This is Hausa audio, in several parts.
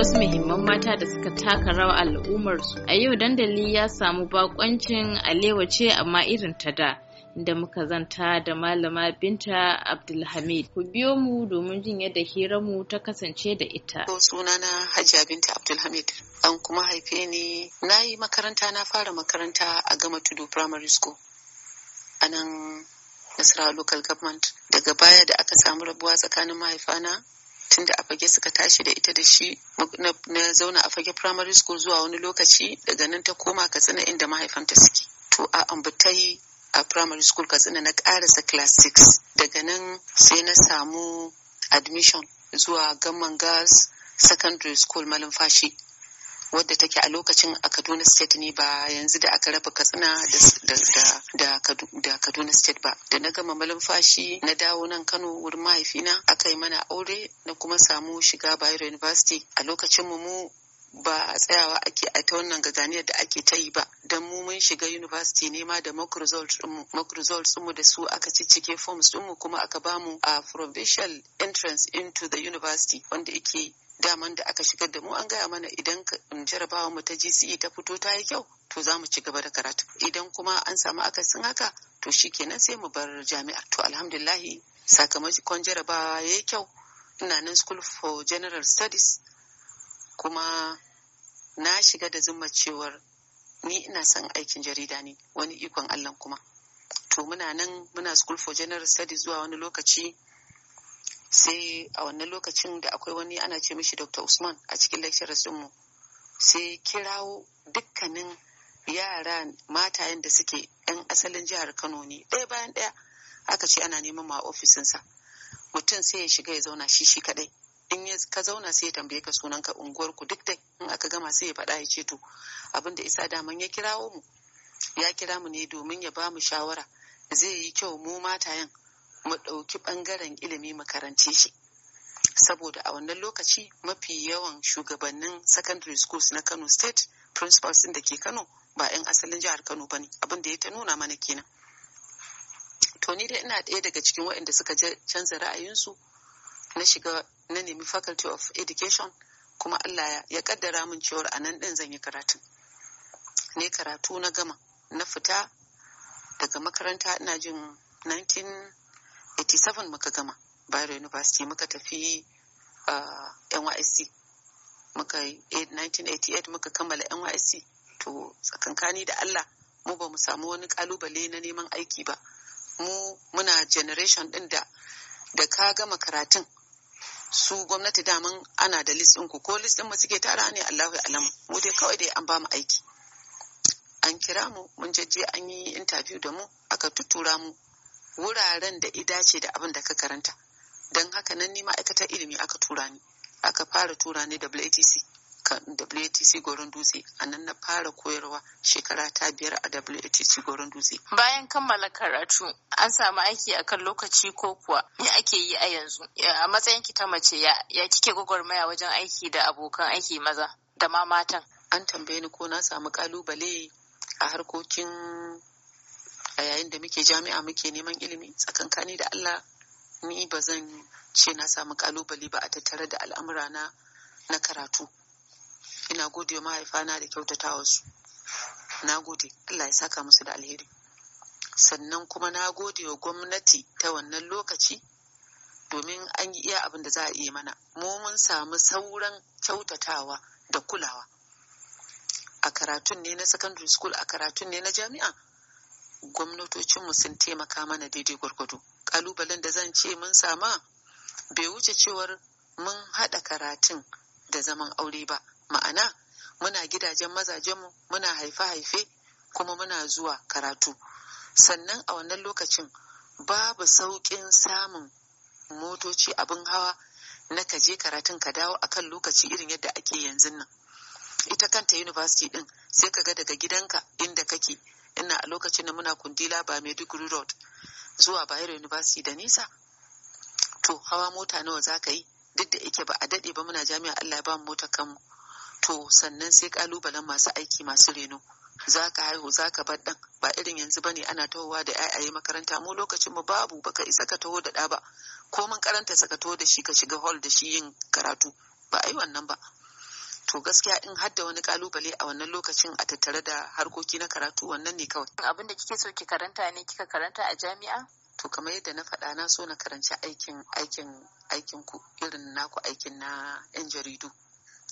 wasu muhimman mata da suka taka rawa al'ummarsu. A yau dandali ya samu bakoncin alewa ce amma irin ta da. Da muka zanta da malama binta Abdulhamid. Ku biyo mu domin jin yadda mu ta kasance da ita. Sunana Hajiya binta Abdulhamid. An kuma haife ni na yi makaranta na fara makaranta a gama tudu primary school. A nan Nasarawa local government. Daga baya da aka samu rabuwa tsakanin mahaifana tunda a fage suka tashi da ita da shi na zauna a fage primary school zuwa wani lokaci daga nan ta koma katsina inda mahaifanta suke to a yi a primary school katsina na karasa class 6 daga nan sai na samu admission zuwa gamman girls secondary school malumfashi wadda take a lokacin a Kaduna State ne ba yanzu da aka raba Katsina da Kaduna State ba. Da na gama malumfashi na dawo nan Kano wurin mahaifina aka yi mana aure na kuma samu shiga Bayero University a lokacin mu ba tsayawa ake a ta wannan gaganiyar da ake ta yi ba don mu mun shiga university ne ma da mock results mu da su aka ciccike forms mu kuma aka bamu a provincial entrance into the university wanda yake daman da aka shigar da mu an gaya mana idan jarabawa mu ta GCE ta fito ta yi kyau to za mu ci gaba da karatu idan kuma an samu akasin haka to shi shikenan sai mu bar jami'a to alhamdulillahi sakamakon jarabawa ya yi kyau ina nan school for general studies kuma na shiga da zuma cewar ni ina son aikin jarida ne wani ikon Allah kuma to muna nan muna school for general studies zuwa wani lokaci sai a wannan lokacin da akwai wani ana ce mishi dr usman a cikin lecturers mu sai kirawo dukkanin yara matayen da suke yan asalin jihar kano ne ɗaya bayan ɗaya aka ce ana neman ma ofisinsa mutum sai ya shiga ya zauna shi shi kaɗai in ka zauna sai ya tambaye ka sunan ka unguwar ku duk da in aka gama sai ya faɗa ya ce to abin da isa daman ya kirawo mu ya kira mu ne domin ya ba mu shawara zai yi kyau mu matayen mu ɗauki ɓangaren ilimi mu karance shi saboda a wannan lokaci mafi yawan shugabannin secondary schools na kano state principals ɗin da ke kano ba 'yan asalin jihar kano ba ne abin da ya ta nuna mana kenan to ni dai ina ɗaya daga cikin waɗanda suka canza ra'ayinsu na shiga na nemi faculty of education kuma allah ya kaddara min cewar a nan ɗin zan yi karatu. ne karatu na gama na fita daga makaranta ina jin 1987 muka gama Bayero University muka tafi uh, NYSC muka 1988 eh, muka kammala NYSC to tsakankani da Allah mu ba mu samu wani kalubale na neman aiki ba mu muna generation ɗin da ka gama karatun su gwamnati daman ana da list ɗinku ko list ɗin mu suke tara ne Allahu alam mu dai kawai dai an ba mu aiki an kira mu mun jajje an yi interview da mu aka tuttura mu wuraren da ce da abin da ka karanta don haka nan ni ma'aikatar ilimi aka tura ni aka fara tura ni WATC WATC Goron Dutse a nan na fara koyarwa shekara ta biyar a WATC Goron Dutse. Bayan kammala karatu an samu aiki a kan lokaci ko kuwa me ake yi a yanzu a matsayin ki ta mace ya ya kike gwagwarmaya wajen aiki da abokan aiki maza da ma matan. An tambaye ni ko na samu kalubale a harkokin a yayin da muke jami'a muke neman ilimi tsakankani da Allah ni ba zan ce na samu kalubale ba a tattare da al'amura na na karatu ina gode wa mahaifana da kyautatawa su na gode Allah ya saka musu da alheri sannan kuma na gode wa gwamnati ta wannan lokaci domin an yi iya abin da za a iya mana mu mun samu sauran kyautatawa da kulawa a karatun ne na secondary school a karatun ne na jami'a gwamnatocinmu sun taimaka mana daidai gwargwado kalubalen da zan ce mun sama bai wuce cewar mun haɗa karatun da zaman aure ba ma'ana muna gidajen mazajenmu muna haife-haife kuma muna zuwa karatu sannan a wannan lokacin babu sauƙin samun motoci abin hawa na kaje karatun ka dawo a kan lokaci irin yadda ake yanzu nan ita kanta university din sai ka ga daga gidanka inda kake ina a lokacin da muna kundila ba maiduguri road zuwa bayero university da nisa to hawa mota nawa za ka yi duk da yake ba a daɗe ba muna jami'a allah ya ba mu motar kanmu to sannan sai kalubalen masu aiki masu reno za ka haihu za ka bar ɗan ba irin yanzu ba ne ana tahowa da yayaye makaranta mu lokacin mu babu baka isa ka taho da ɗa ba ko mun karanta saka taho da shi ka shiga hall da shi yin karatu ba a yi wannan ba to gaskiya in har da wani kalubale a wannan lokacin a tattare da harkoki na karatu wannan ne kawai abin da kike so ki karanta ne kika karanta a jami'a to kamar yadda na faɗa na so na karanci aikin aikin aikin ku irin naku aikin na yan jaridu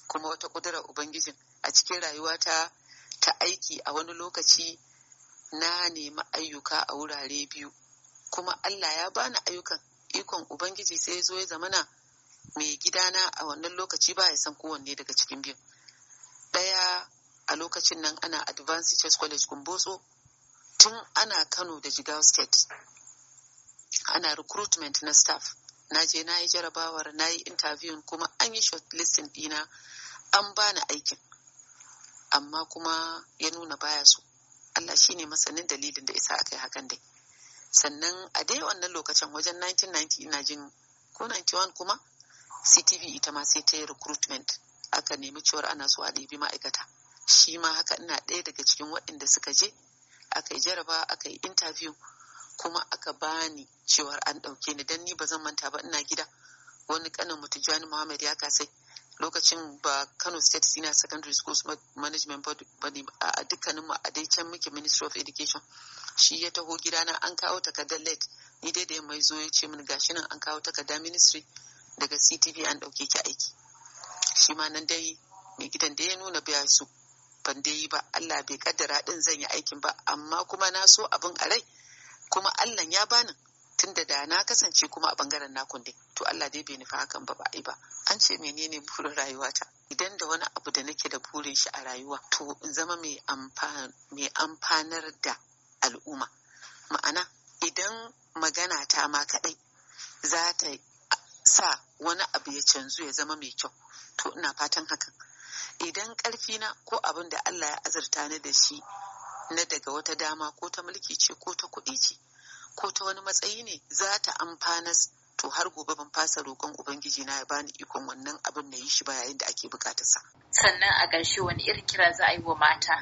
kuma wata ƙudurar ubangijin a cikin rayuwata ta aiki a wani lokaci na nemi ayyuka a wurare biyu kuma allah ya bani ayyukan ikon ubangiji sai zo ya zama zamana mai gidana a wannan lokaci ba ya san kowanne daga cikin biyu ɗaya a lokacin nan ana advanced chess college Gumboso. tun ana kano da jigawa state ana recruitment na staff na je na yi jarabawar na yi interview kuma an yi shortlisting dina an bani aikin amma kuma ya nuna baya so Allah shi ne masanin dalilin da isa aka yi hakan dai sannan a dai wannan lokacin wajen 1990 ina jin ko 91 kuma ctv ita ma sai ta yi recruitment aka nemi cewar ana so a ɗebi ma'aikata shi ma haka ina ɗaya daga cikin waɗanda suka je aka yi jaraba aka yi interview kuma aka bani cewa an ɗauke ni dan ni ba zan manta ba ina gida wani kanin mutujani muhammad ya kasai lokacin ba kano state senior secondary schools management board ba ne a dukkanin mu a can muke ministry of education shi ya taho gidana an kawo takardar late ni dai da ya mai zo ya ce min gashi nan an kawo takarda ministry daga ctv an ɗauke ki aiki shi ma nan dai mai gidan da ya nuna biya su ban dai ba allah bai kaddara din zan yi aikin ba amma kuma na so abin a kuma Allah ya bani tun da na kasance kuma a bangaren na kunde to Allah dai bai nufi hakan ba ba yi ba an ce menene burin rayuwata idan da wani abu da nake da burin shi a rayuwa to in zama mai amfanar da al'umma ma'ana idan magana ta ma kaɗai za ta sa wani abu ya canzu ya zama mai kyau to ina fatan hakan idan na ko abin da Allah ya azurta ni da shi na daga wata dama ko ta mulki ce ko ta kuɗi ce ko ta wani matsayi ne za ta amfana to har gobe ban fasa roƙon ubangiji na ya bani ikon wannan abin na yi shi ba yayin da ake sa. sannan a ƙarshe wani irin kira za a yi wa mata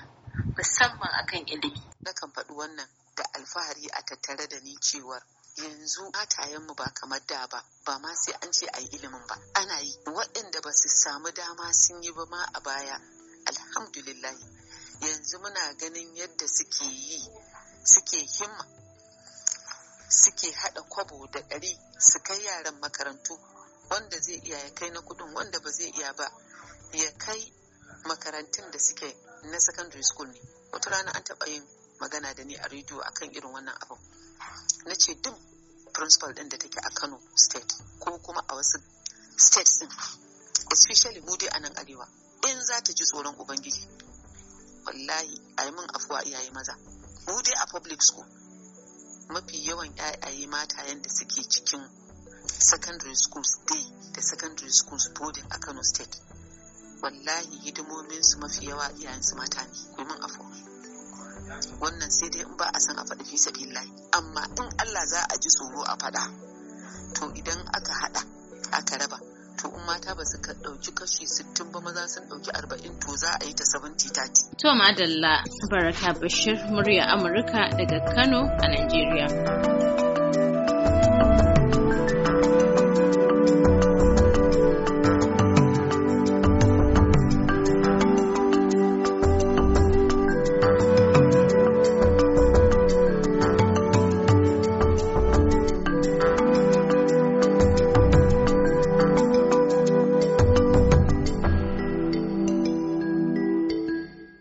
musamman akan ilimi nakan faɗi wannan da alfahari a tattare da ni cewar yanzu matayenmu ba kamar da ba ba ma sai an ce a yi ilimin ba ana yi waɗanda ba su samu dama sun yi ba ma a baya alhamdulillah yanzu muna ganin yadda suke yi suke himma suke haɗa kwabo da ɗari su kai yaran makarantu wanda zai iya ya kai na kudin wanda ba zai iya ba ya kai makarantun da suke na secondary school ne wata rana an taɓa yin magana da ni a rediyo akan irin wannan abu na ce duk principal ɗin da take a kano state ko kuma a wasu states din especially mu dai a nan arewa in za ta ji tsoron ubangiji wallahi a yi min afuwa iyaye maza mu dai a public school mafi yawan yayaye mata yadda suke cikin secondary schools day da secondary schools boarding a kano state wallahi hidimomin su mafi yawa iyayen su mata ne ku min afuwa wannan sai dai in ba a san a faɗi fi sabilillahi amma in Allah za a ji tsoro a faɗa to idan aka haɗa aka raba to in mata ba su ɗauki kashi sittin ba maza sun ɗauki arba'in to za a yi ta 70-30. To madalla Baraka Bashir murya Amurka daga Kano a Najeriya.